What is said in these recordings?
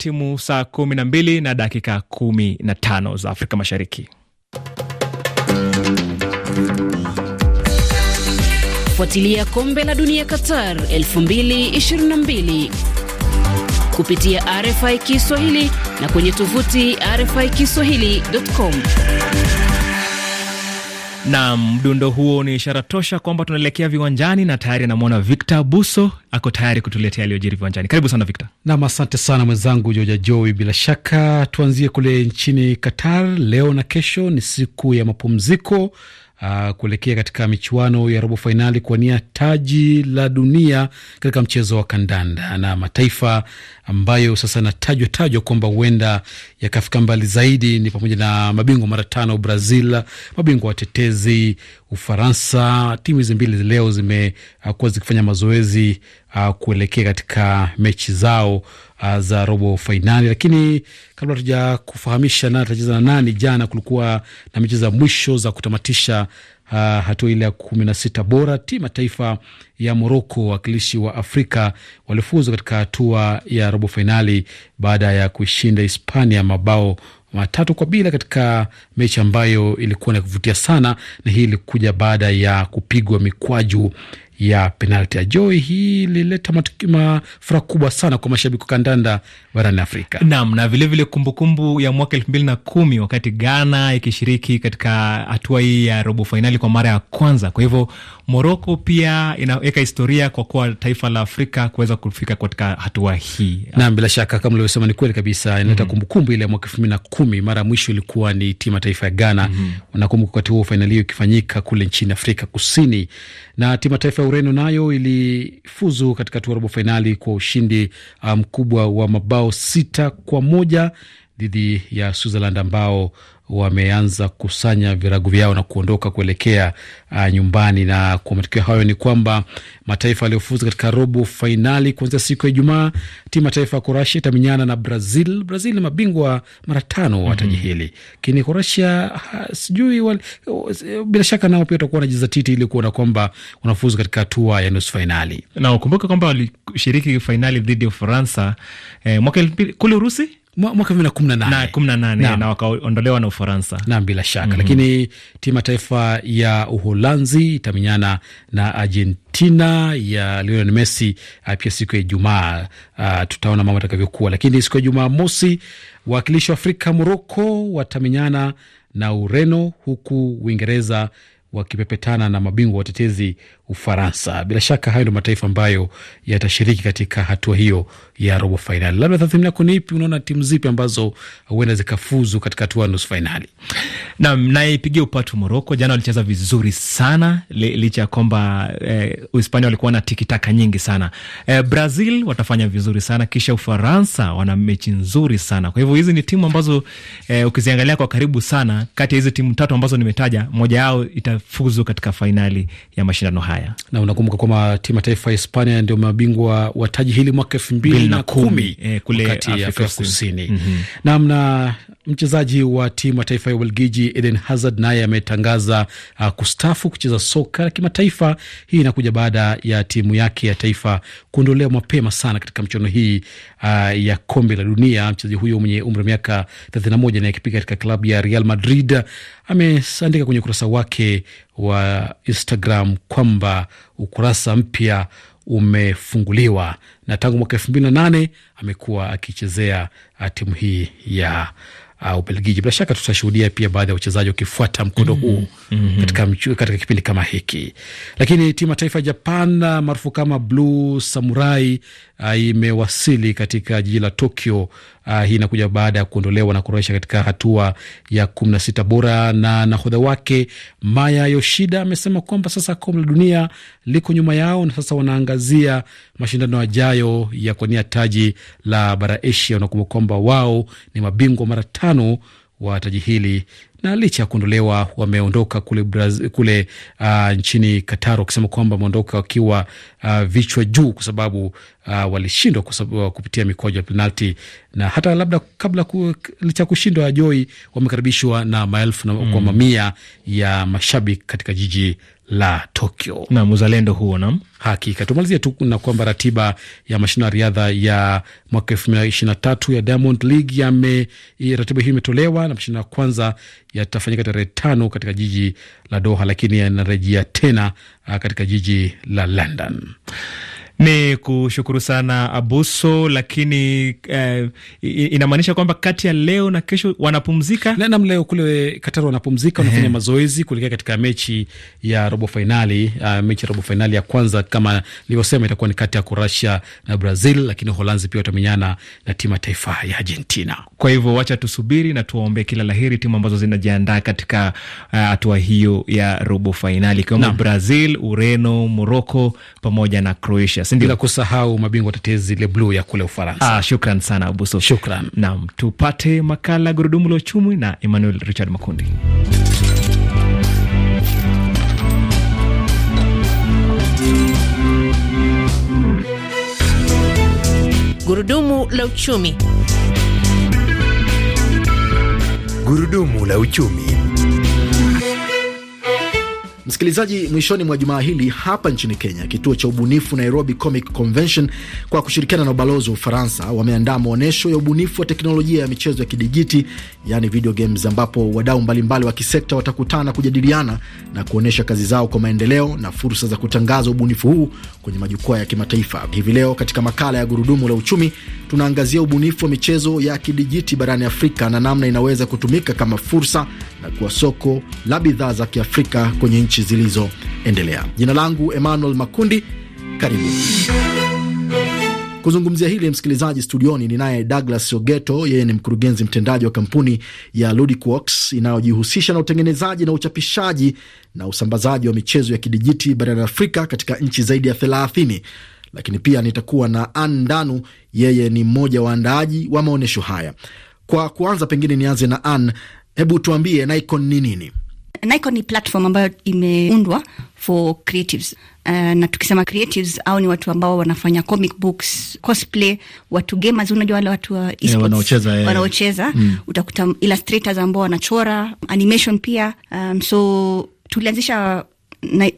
timu saa kumi na mbili na dakika kumi na tano za Afrika Mashariki. Fuatilia kombe la dunia Qatar 2022 kupitia RFI Kiswahili na kwenye tovuti RFI Kiswahili.com. Na mdundo huo ni ishara tosha kwamba tunaelekea viwanjani na tayari namwona Victor Buso ako tayari kutuletea aliyojiri viwanjani. Karibu sana Victor. Nam, asante sana mwenzangu Joja Joi. Bila shaka tuanzie kule nchini Qatar. Leo na kesho ni siku ya mapumziko uh, kuelekea katika michuano ya robo fainali kuwania taji la dunia katika mchezo wa kandanda, na mataifa ambayo sasa yanatajwa tajwa kwamba huenda yakafika mbali zaidi ni pamoja na mabingwa mara tano Brazil, mabingwa watetezi Ufaransa. Timu hizi mbili leo zimekuwa uh, zikifanya mazoezi uh, kuelekea katika mechi zao uh, za robo fainali, lakini kabla tuja kufahamisha nani atacheza na nani, jana kulikuwa na mechi za mwisho za kutamatisha uh, hatua ile ya kumi na sita bora. Timu ya taifa ya Moroko, wakilishi wa Afrika, walifuzwa katika hatua ya robo fainali baada ya kuishinda Hispania mabao matatu kwa bila katika mechi ambayo ilikuwa na kuvutia sana, na hii ilikuja baada ya kupigwa mikwaju ya penalti ya Joy. Hii ilileta furaha kubwa sana kwa mashabiki wa kandanda barani Afrika. Naam, na vilevile kumbukumbu ya mwaka elfu mbili na kumi wakati Ghana ikishiriki katika hatua hii ya robo fainali kwa mara ya kwanza. Kwa hivyo Moroko pia inaweka historia kwa kuwa taifa la Afrika kuweza kufika katika hatua hii. Naam, bila shaka kama ulivyosema ni kweli kabisa, inaleta mm -hmm. kumbukumbu ile ya mwaka elfu mbili na kumi mara ya mwisho ilikuwa ni timu taifa ya Ghana mm -hmm. Nakumbuka wakati huo fainali hiyo ikifanyika kule nchini Afrika Kusini, na timu taifa ya Ureno nayo ilifuzu katika hatua robo fainali kwa ushindi uh, mkubwa um, wa mabao sita kwa moja dhidi ya Switzerland ambao wameanza kusanya virago vyao na kuondoka kuelekea uh, nyumbani. Na kwa matokeo hayo ni kwamba mataifa yaliyofuzu katika robo fainali kuanzia siku ya Ijumaa, timu ya taifa ya Korasia itamenyana na Brazil. Brazil ni mabingwa mara tano wa taji mhm. hili, lakini Kurasia sijui, bila shaka nao pia watakuwa wanajeza titi ili kuona kwamba wanafuzu katika hatua ya nusu fainali, na ukumbuke kwamba walishiriki fainali dhidi ya Ufaransa eh, mwaka kule Urusi mwaka 2018 na, na wakaondolewa na Ufaransa na bila shaka mm -hmm. Lakini timu ya taifa ya Uholanzi itamenyana na Argentina ya Lionel Messi uh, pia siku ya Ijumaa. Uh, tutaona mambo atakavyokuwa, lakini siku ya jumaa mosi wawakilishi wa Afrika Moroko watamenyana na Ureno huku Uingereza wakipepetana na mabingwa watetezi Ufaransa. Bila shaka hayo ndio mataifa ambayo yatashiriki katika hatua hiyo ya robo fainali. Labda tathmini yako ni ipi? Unaona timu zipi ambazo huenda zikafuzu katika hatua ya nusu fainali? Nam naipigia upatu Moroko. Jana walicheza vizuri sana, licha ya kwamba eh, Uhispania walikuwa na tikitaka nyingi sana. Eh, Brazil watafanya vizuri sana, kisha Ufaransa wana mechi nzuri sana. Kwa hivyo hizi ni timu ambazo eh, ukiziangalia kwa karibu sana, kati ya hizi timu tatu ambazo nimetaja, moja yao ita kufuzu katika fainali ya mashindano haya. Na unakumbuka kwamba timu ya taifa ya Hispania ndio mabingwa wa taji hili mwaka elfu mbili na kumi e, kule Afrika Kusini. mm -hmm. Naam, na mchezaji wa timu ya taifa ya Ubelgiji Eden Hazard naye ametangaza uh, kustafu kucheza soka la kimataifa. Hii inakuja baada ya timu yake ya taifa kuondolewa mapema sana katika mchono hii uh, ya kombe la dunia. Mchezaji huyo mwenye umri wa miaka 31 naye akipiga katika klabu ya Real Madrid ameandika kwenye ukurasa wake wa Instagram kwamba ukurasa mpya umefunguliwa na tangu mwaka elfu mbili na nane amekuwa akichezea uh, timu hii ya uh, Ubelgiji. Bila shaka tutashuhudia pia baadhi ya wachezaji wakifuata mkondo mm -hmm. huu -hmm. katika, katika kipindi kama hiki. Lakini timu ya taifa ya Japan uh, maarufu kama Blue Samurai uh, imewasili katika jiji la Tokyo. Uh, hii inakuja baada ya kuondolewa na kuroesha katika hatua ya kumi na sita bora, na nahodha wake Maya Yoshida amesema kwamba sasa kombe la dunia liko nyuma yao na sasa wanaangazia mashindano ajayo ya kuania taji la bara Asia. Unakumbuka kwamba wao ni mabingwa mara tano wa taji hili na licha ya kuondolewa wameondoka kule, kule uh, nchini Qatar wakisema kwamba wameondoka wakiwa uh, vichwa juu kwa sababu uh, walishindwa uh, kupitia mikwaju ya penalti, na hata labda kabla ku, licha ya kushindwa joi wamekaribishwa na maelfu na mm, kwa mamia ya mashabiki katika jiji la Tokyo. Nam uzalendo huo, nam hakika. Tumalizie tu na kwamba ratiba ya mashindano ya riadha ya mwaka elfu mbili ishirini na tatu ya Diamond League yame, ratiba hiyo imetolewa na mashindano ya kwanza yatafanyika tarehe tano katika jiji la Doha, lakini yanarejea tena katika jiji la London. Ni kushukuru sana Abuso, lakini eh, inamaanisha kwamba kati ya leo na kesho wanapumzika. nam. leo kule Katari wanapumzika, wanafanya mazoezi kuelekea katika mechi ya robo fainali. Uh, eh, mechi ya robo fainali ya kwanza kama nilivyosema itakuwa ni kati ya Kroatia na Brazil, lakini Holanzi pia watamenyana na timu ya taifa ya Argentina. Kwa hivyo wacha tusubiri na tuwaombee kila laheri timu ambazo zinajiandaa katika eh, hatua uh, hiyo ya robo fainali ikiwemo Brazil, Ureno, Moroko pamoja na Croatia bila kusahau mabingwa tetezi Le Blue ya kule Ufaransa. Ah, shukran sana Abuso. Shukran. Naam, tupate makala gurudumu la uchumi na Emmanuel Richard Makundi. Gurudumu la uchumi. Gurudumu la uchumi. Msikilizaji, mwishoni mwa jumaa hili hapa nchini Kenya, kituo cha ubunifu Nairobi Comic Convention kwa kushirikiana na ubalozi wa Ufaransa wameandaa maonyesho ya ubunifu wa teknolojia ya michezo ya kidijiti, yani video games, ambapo wadau mbalimbali wa kisekta watakutana kujadiliana na kuonyesha kazi zao kwa maendeleo na fursa za kutangaza ubunifu huu kwenye majukwaa ya kimataifa. Hivi leo katika makala ya Gurudumu la Uchumi tunaangazia ubunifu wa michezo ya kidijiti barani Afrika na namna inaweza kutumika kama fursa na kuwa soko la bidhaa za Kiafrika kwenye nchi zilizoendelea. Jina langu Emmanuel Makundi, karibu kuzungumzia hili msikilizaji. Studioni ninaye Douglas Ogeto, yeye ni mkurugenzi mtendaji wa kampuni ya Ludicworks inayojihusisha na utengenezaji na uchapishaji na usambazaji wa michezo ya kidijiti barani Afrika katika nchi zaidi ya thelathini. Lakini pia nitakuwa na Ann Ndanu, yeye ni mmoja waandaaji wa maonyesho haya. Kwa kuanza, pengine nianze na Ann. Hebu tuambie Nikon ni nini? Nikon ni platform ambayo imeundwa for creatives. Uh, na tukisema creatives au ni watu ambao wanafanya comic books, cosplay, watu gamers, unajua wale watu wa eh, e-sports, yeah, wanaocheza, yeah. Wanaocheza mm. Utakuta illustrators ambao wanachora animation pia. Um, so tulianzisha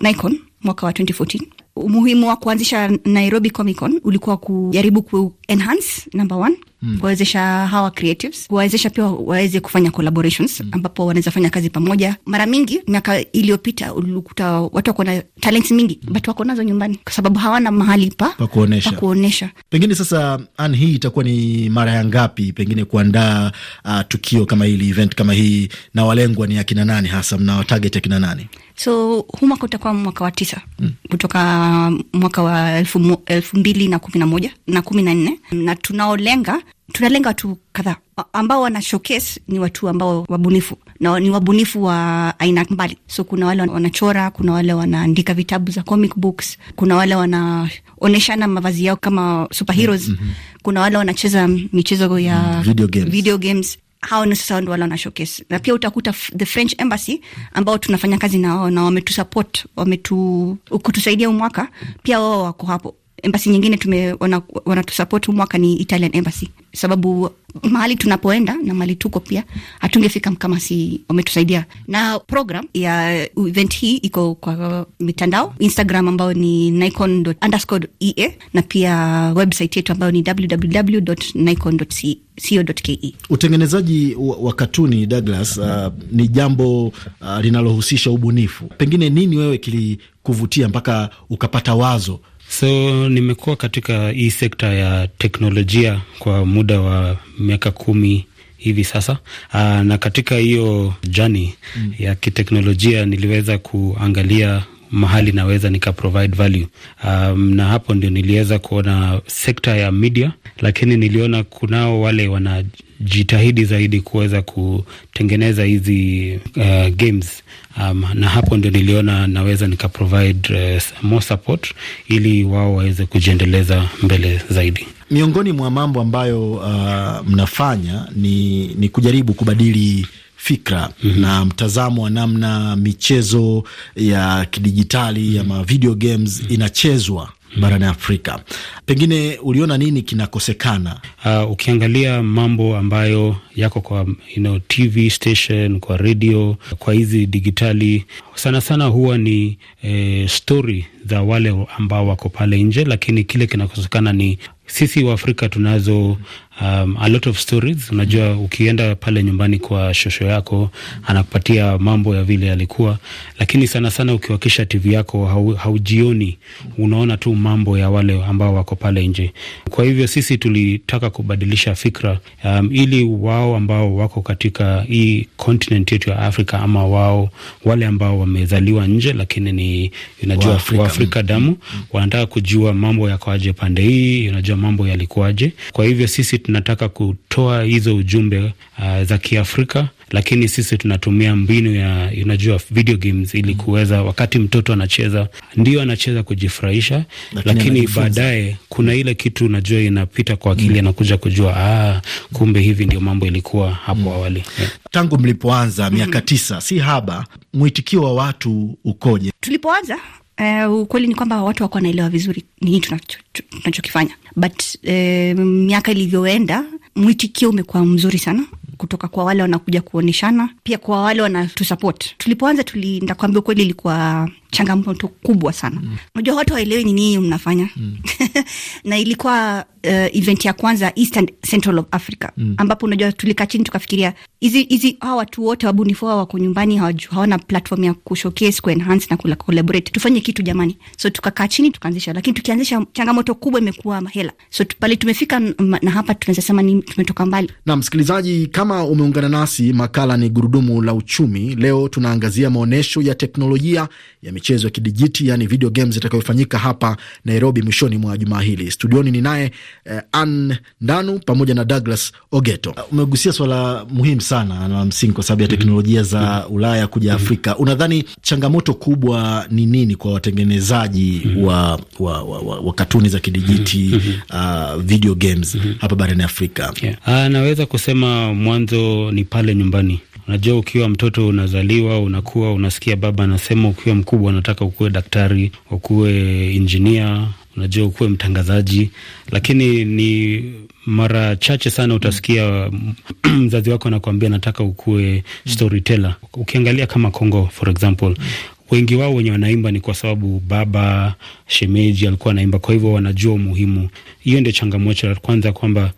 Nikon mwaka wa 2014. Umuhimu wa kuanzisha Nairobi Comic Con ulikuwa kujaribu ku enhance number one mm. kuwawezesha hawa creatives, kuwawezesha pia waweze kufanya collaborations mm. ambapo wanaweza fanya kazi pamoja. Mara mingi miaka iliyopita ulikuta watu wako na talent mingi mm. but wako nazo nyumbani kwa sababu hawana mahali pa pa Pengine sasa, an hii itakuwa ni mara ya ngapi pengine kuandaa uh, tukio kama hili, event kama hii, na walengwa ni akina nani hasa, mna target akina nani? So huu mwaka utakuwa mwaka wa tisa mm. kutoka mwaka wa elfu, elfu mbili na kumi na moja na kumi na nne na tunaolenga tunalenga watu kadhaa ambao wana showcase ni watu ambao wabunifu na ni wabunifu wa aina mbali. So kuna wale wanachora, kuna wale wanaandika vitabu za comic books, kuna wale wanaonyeshana mavazi yao kama superheroes mm -hmm. kuna wale wanacheza michezo ya mm, video games, video games. Hao ni sasa ndo wale wana showcase, na pia utakuta the French Embassy ambao tunafanya kazi na wao na wametusupport wametu kutusaidia mwaka, pia wao wako hapo embasi nyingine tume wanatusapoti wana mwaka ni Italian embassy, sababu mahali tunapoenda na mahali tuko pia hatungefika kama si wametusaidia. Na program ya event hii iko kwa mitandao Instagram ambayo ni Nikon underscore ea na pia website yetu ambayo ni www Nikon e. Utengenezaji wa, wa katuni Douglas, uh, ni jambo uh, linalohusisha ubunifu. Pengine nini wewe kilikuvutia mpaka ukapata wazo So nimekuwa katika hii sekta ya teknolojia kwa muda wa miaka kumi hivi sasa. Aa, ah, na katika hiyo jani mm, ya kiteknolojia niliweza kuangalia mahali naweza nika provide value. Um, na hapo ndio niliweza kuona sekta ya media, lakini niliona kunao wale wanajitahidi zaidi kuweza kutengeneza hizi uh, games um, na hapo ndio niliona naweza nika provide uh, more support ili wao waweze kujiendeleza mbele zaidi. Miongoni mwa mambo ambayo uh, mnafanya ni, ni kujaribu kubadili fikra mm -hmm. na mtazamo wa namna michezo ya kidijitali mm -hmm. ama video games mm -hmm. inachezwa barani Afrika. Pengine uliona nini kinakosekana? Uh, ukiangalia mambo ambayo yako kwa you know, TV station, kwa redio, kwa hizi digitali, sana sana huwa ni eh, stori za wale ambao wako pale nje, lakini kile kinakosekana ni sisi Waafrika tunazo um, a lot of stories. Unajua, ukienda pale nyumbani kwa shosho yako anakupatia mambo ya vile yalikuwa, lakini sana sana ukiwakisha TV yako hau, haujioni, unaona tu mambo ya wale ambao wako pale nje. Kwa hivyo sisi tulitaka kubadilisha fikra um, ili wao ambao wako katika hii continent yetu ya Afrika ama wao wale ambao wamezaliwa nje lakini ni unajua Waafrika Afrika damu mm-hmm. wanataka kujua mambo yakoaje pande hii, unajua mambo yalikuwaje. Kwa hivyo sisi tunataka kutoa hizo ujumbe uh, za Kiafrika, lakini sisi tunatumia mbinu ya unajua video games ili mm. kuweza, wakati mtoto anacheza, ndio anacheza kujifurahisha, lakini baadaye kuna ile kitu unajua inapita kwa akili, mm. anakuja kujua ah, kumbe hivi ndio mambo ilikuwa hapo mm. awali. Yeah. Tangu mlipoanza miaka tisa si haba, mwitikio wa watu ukoje? Tulipoanza Uh, ukweli ni kwamba watu wako wanaelewa vizuri nini tunachokifanya, but uh, miaka ilivyoenda mwitikio umekuwa mzuri sana kutoka kwa wale wanakuja kuonyeshana, pia kwa wale wanatusupport. Tulipoanza tulienda kuambia, ukweli ilikuwa changamoto kubwa sana. Mm. Unajua, mm. watu waelewe ni nini mnafanya mm. na ilikuwa uh, event ya kwanza East Central of Africa mm. ambapo unajua tulikaa chini tukafikiria, hizi hizi hawa watu wote wabunifu hawa wako nyumbani, hawana platform ya kushowcase, kuenhance na kula collaborate, tufanye kitu jamani. So tukakaa chini tukaanzisha, lakini tukianzisha, changamoto kubwa imekuwa hela. So pale tumefika na hapa tunaweza sema ni tumetoka mbali. Na msikilizaji, kama umeungana nasi, makala ni gurudumu la uchumi. Leo tunaangazia maonyesho ya teknolojia ya michezo ya kidijiti yani video games itakayofanyika hapa Nairobi mwishoni mwa jumaa hili. Studioni ni naye eh, Ann Ndanu pamoja na Douglas Ogeto. Uh, umegusia swala muhimu sana na msingi kwa sababu ya mm-hmm. teknolojia za mm-hmm. Ulaya kuja mm-hmm. Afrika. Unadhani changamoto kubwa ni nini kwa watengenezaji wa, wa, wa, wa, wa katuni za kidijiti uh, video games hapa barani Afrika? Yeah. Aa, uh, naweza kusema mwanzo ni pale nyumbani Unajua, ukiwa mtoto unazaliwa, unakuwa unasikia baba anasema, ukiwa mkubwa unataka ukuwe daktari, ukuwe injinia, unajua ukuwe mtangazaji, lakini ni mara chache sana utasikia mzazi wako anakuambia nataka ukuwe storyteller. Ukiangalia kama Congo for example wengi wao wenye wanaimba ni kwa sababu baba shemeji alikuwa anaimba, kwa hivyo wanajua umuhimu. Hiyo ndio changamoto ya kwanza, kwamba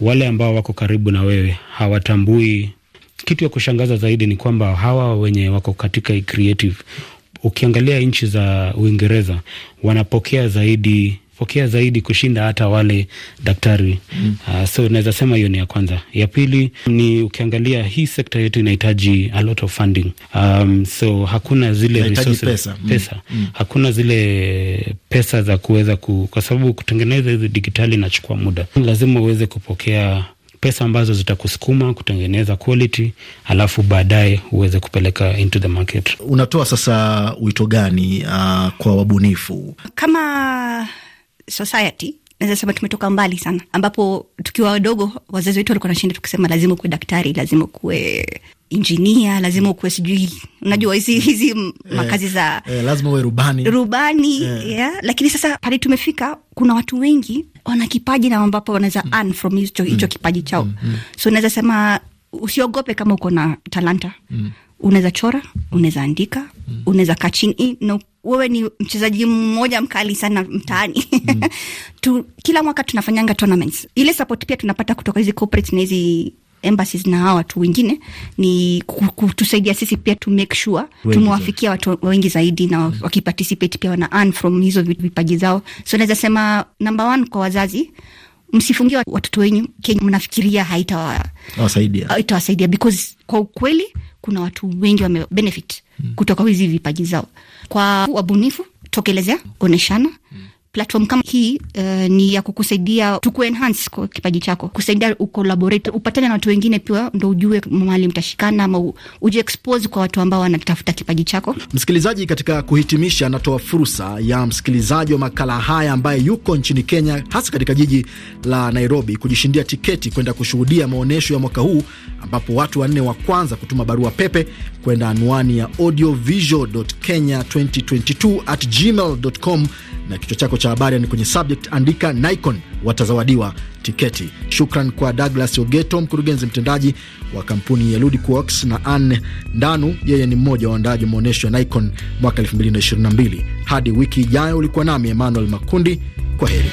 wale ambao wako karibu na wewe hawatambui kitu ya kushangaza zaidi ni kwamba hawa wenye wako katika creative, ukiangalia nchi za Uingereza wanapokea zaidi pokea zaidi kushinda hata wale daktari mm. Uh, so naweza sema hiyo ni ya kwanza. Ya pili ni ukiangalia hii sekta yetu inahitaji a lot of funding um, so hakuna zile resources, pesa, mm-hmm. pesa. Mm. hakuna zile pesa za kuweza ku, kwa sababu kutengeneza hizi digitali inachukua muda, lazima uweze kupokea pesa ambazo zitakusukuma kutengeneza quality, alafu baadaye uweze kupeleka into the market. Unatoa sasa wito gani uh, kwa wabunifu kama society naweza sema tumetoka mbali sana, ambapo tukiwa wadogo wazazi wetu walikuwa nashinda tukisema lazima ukuwe daktari, lazima ukuwe injinia, lazima mm. ukuwe sijui, unajua hizi hizi eh, makazi za eh, eh, lazima uwe rubani, rubani eh. Yeah. Lakini sasa pale tumefika, kuna watu wengi wana kipaji na ambapo wanaweza mm. earn from hicho mm. kipaji chao mm. Mm. so naweza sema usiogope kama uko na talanta mm unaweza chora, unaweza andika mm. unaweza kaa chini na no, wewe ni mchezaji mmoja mkali sana mtaani mm. tu, kila mwaka tunafanyanga tournaments. Ile support pia tunapata kutoka hizi corporate na hizi embassies na hawa watu wengine ni kutusaidia sisi pia to make sure tumewafikia watu wengi zaidi, na mm. wakiparticipate pia wana earn from hizo vipaji zao. So naweza sema number one kwa wazazi msifungie watoto wenyu kenye mnafikiria haitawasaidia haitawasaidia because kwa ukweli kuna watu wengi wamebenefit mm. kutoka hizi vipaji zao. Kwa wabunifu, tokelezea, oneshana platform kama hii uh, ni ya kukusaidia tu kuenhance kwa kipaji chako, kusaidia ukolaborate, upatane na watu wengine pia, ndo ujue mahali mtashikana, ama uje expose kwa watu ambao wanatafuta kipaji chako. Msikilizaji, katika kuhitimisha, anatoa fursa ya msikilizaji wa makala haya ambaye yuko nchini Kenya, hasa katika jiji la Nairobi, kujishindia tiketi kwenda kushuhudia maonyesho ya mwaka huu, ambapo watu wanne wa kwanza kutuma barua pepe kwenda anwani ya audiovisual.kenya2022@gmail.com na kichwa chako cha habari ni kwenye subject, andika Nikon watazawadiwa tiketi. Shukran kwa Douglas Ogeto, mkurugenzi mtendaji wa kampuni ya Ludiquox na Anne Ndanu, yeye ni mmoja wa waandaaji maonyesho ya Nikon mwaka 2022. Hadi wiki ijayo, ulikuwa nami Emmanuel Makundi, kwa heri.